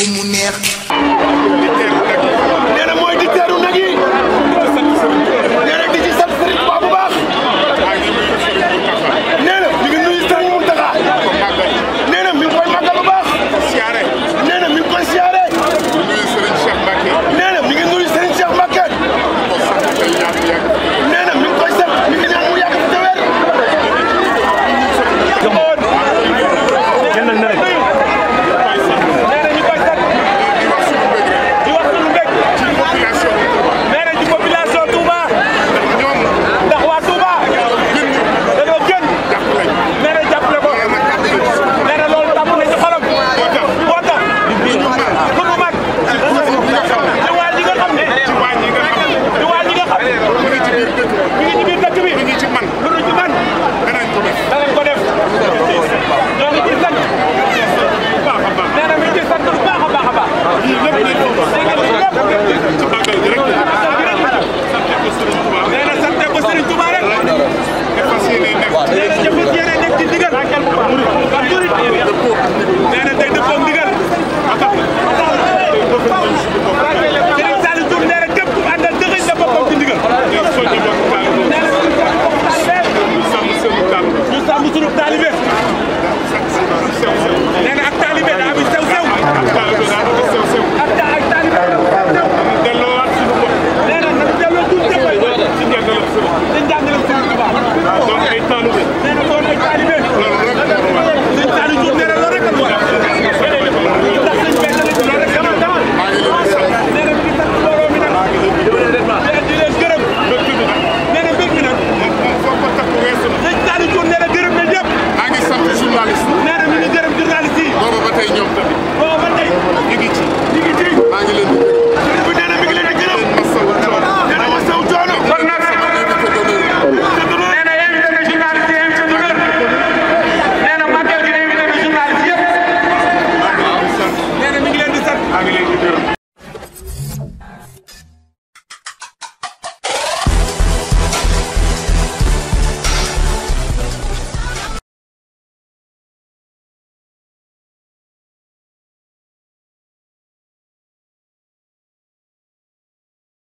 ku mu neex sunu taalibe